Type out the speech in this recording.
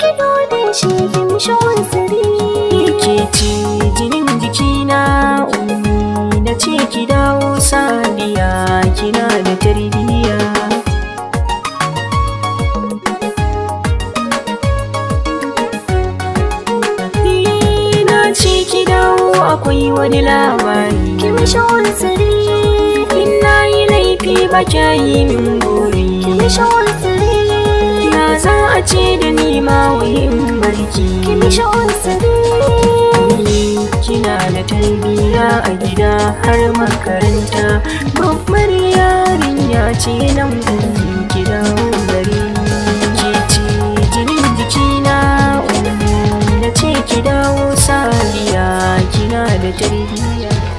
kido da shi gimshon siri yake ci jinin jikina ummi na ce ki dawo sadiya kina da tarbiyya ce ki dawo akwai wani labari kimishon siri in Ina yi laifi ba kya yi min buri kimishon ce da ni ma wayin barki kimi sha'un kina da tarbiya a gida har makaranta babbar yarinya ce nan ɗin gida gari ke ce jinin jikina na ce ki dawo sabiya kina da tarbiya